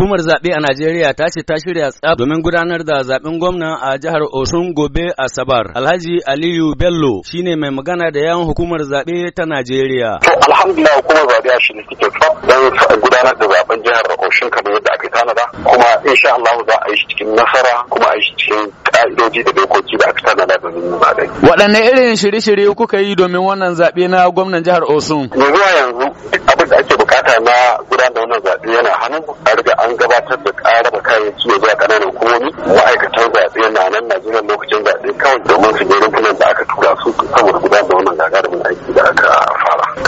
Hukumar zaɓe a Najeriya ta ce ta shirya tsaf domin gudanar da zaɓen gwamna a jihar Osun gobe Asabar. Alhaji Aliyu Bello shine mai magana da yawan hukumar zaɓe ta Najeriya. To alhamdulillah hukumar zaɓe a shi ne take tsab don gudanar da zaɓen jihar Osun kamar yadda aka tanada kuma insha Allah za a yi shi cikin nasara kuma a yi shi cikin ka'idoji da dokoki da aka tanada domin zaɓe. Waɗanne irin shirye-shirye kuka yi domin wannan zaɓe na gwamnan jihar Osun? Yanzu yanzu abin da ake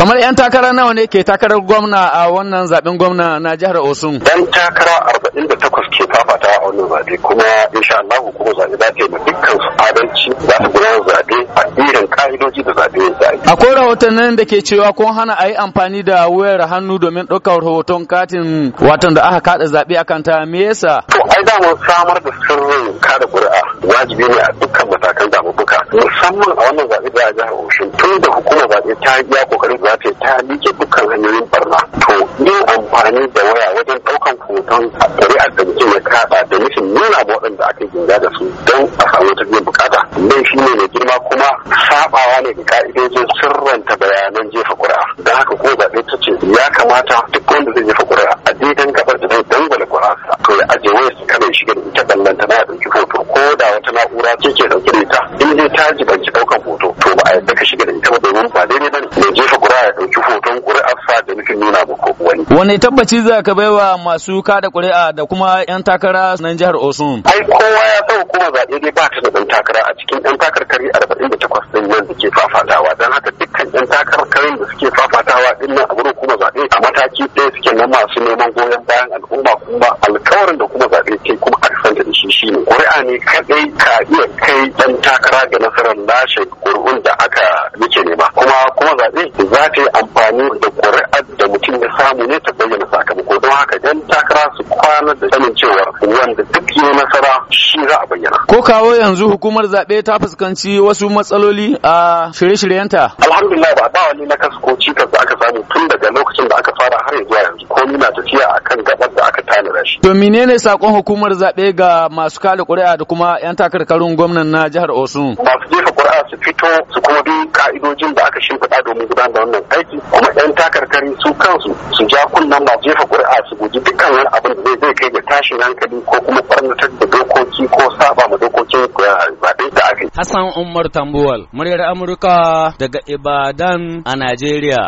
kamar yan takara nawa ne ke takarar gwamna a wannan zaben gwamna na jihar Osun yan takara 48 ke fafata a wannan zabe kuma insha Allah kuma zabe za ta yi dukkan su adalci za su gudanar zabe a irin ka'idoji da zabe ya zabe akwai rahotannin da ke cewa kun hana a yi amfani da wayar hannu domin ɗaukar hoton katin watan da aka kada zabe akan ta me yasa to ai da mun samar da sirrin kada ƙuri'a wajibi ne a dukkan matakan buka. musamman a wannan zaɓe da a jihar Oshin tun da hukumar zaɓe ta iya kokarin za ta ta miƙe dukkan hanyoyin barna to yin amfani da waya wajen ɗaukan hoton shari'ar da mutum ya kaɗa da nufin nuna ma waɗanda aka ginga da su don a samu ta biyan bukata laifi ne mai girma kuma saɓawa ne da ka'idojin sirranta bayanan jefa ƙuri'a don haka ko zaɓe ta ce ya kamata duk wanda zai jefa ƙuri'a a daidan gabar da zai dangwala ƙuri'arsa to ya ajiye wayarsa kada ya shiga da ita ballantana ya ɗauki hoto ko da wata na'ura ce ke ɗauke da ne ta jibanci ɗaukan hoto to ba a yadda ka shiga da ita ba domin ba daidai ba ne jefa ƙura ya ɗauki hoton sa da nufin nuna ba ko wani. Wani tabbaci za ka wa masu kada ƙuri'a da kuma 'yan takara na jihar Osun? Ai kowa ya san hukumar zaɓe dai ba ta da ɗan takara a cikin 'yan kari arba'in da takwas ɗin nan da ke fafatawa don haka dukkan 'yan kari da suke fafatawa ɗin nan a wurin hukumar zaɓe a mataki ɗaya suke na masu neman goyon bayan al'umma kuma alkawarin da kuma zaɓe ke kuma shi ne ƙuri'a ne kaɗai ka iya kai ɗan takara da nasarar lashe ƙuri'un da aka ne nema kuma kuma zaɓe za ta yi amfani da ƙuri'ar da mutum ya samu ne ta bayyana sakamako don haka ɗan takara su kwana da sanin cewa wanda duk yi nasara shi za a bayyana. Ko kawo yanzu hukumar zaɓe ta fuskanci wasu matsaloli a shirye-shiryenta? Alhamdulillah ba ba wani na kasko cikas da aka samu tun daga lokacin har zuwa yanzu komai na tafiya a kan gabar da aka tanada shi. To menene sakon hukumar zaɓe ga masu kada ƙuri'a da kuma 'yan takarkarun gwamnan na jihar osu. Masu jefa ƙuri'a su fito su kuma bi ka'idojin da aka shimfiɗa domin gudanar da wannan aiki kuma 'yan takarkari su kansu su ja kunnen masu jefa ƙuri'a su guji dukkan wani abin da zai kai ga tashin hankali ko kuma ɓarnatar da dokoki ko saba ma dokokin eh, zaɓe da aka yi. Hassan Umar Tambuwal, muryar Amurka daga Ibadan a Najeriya.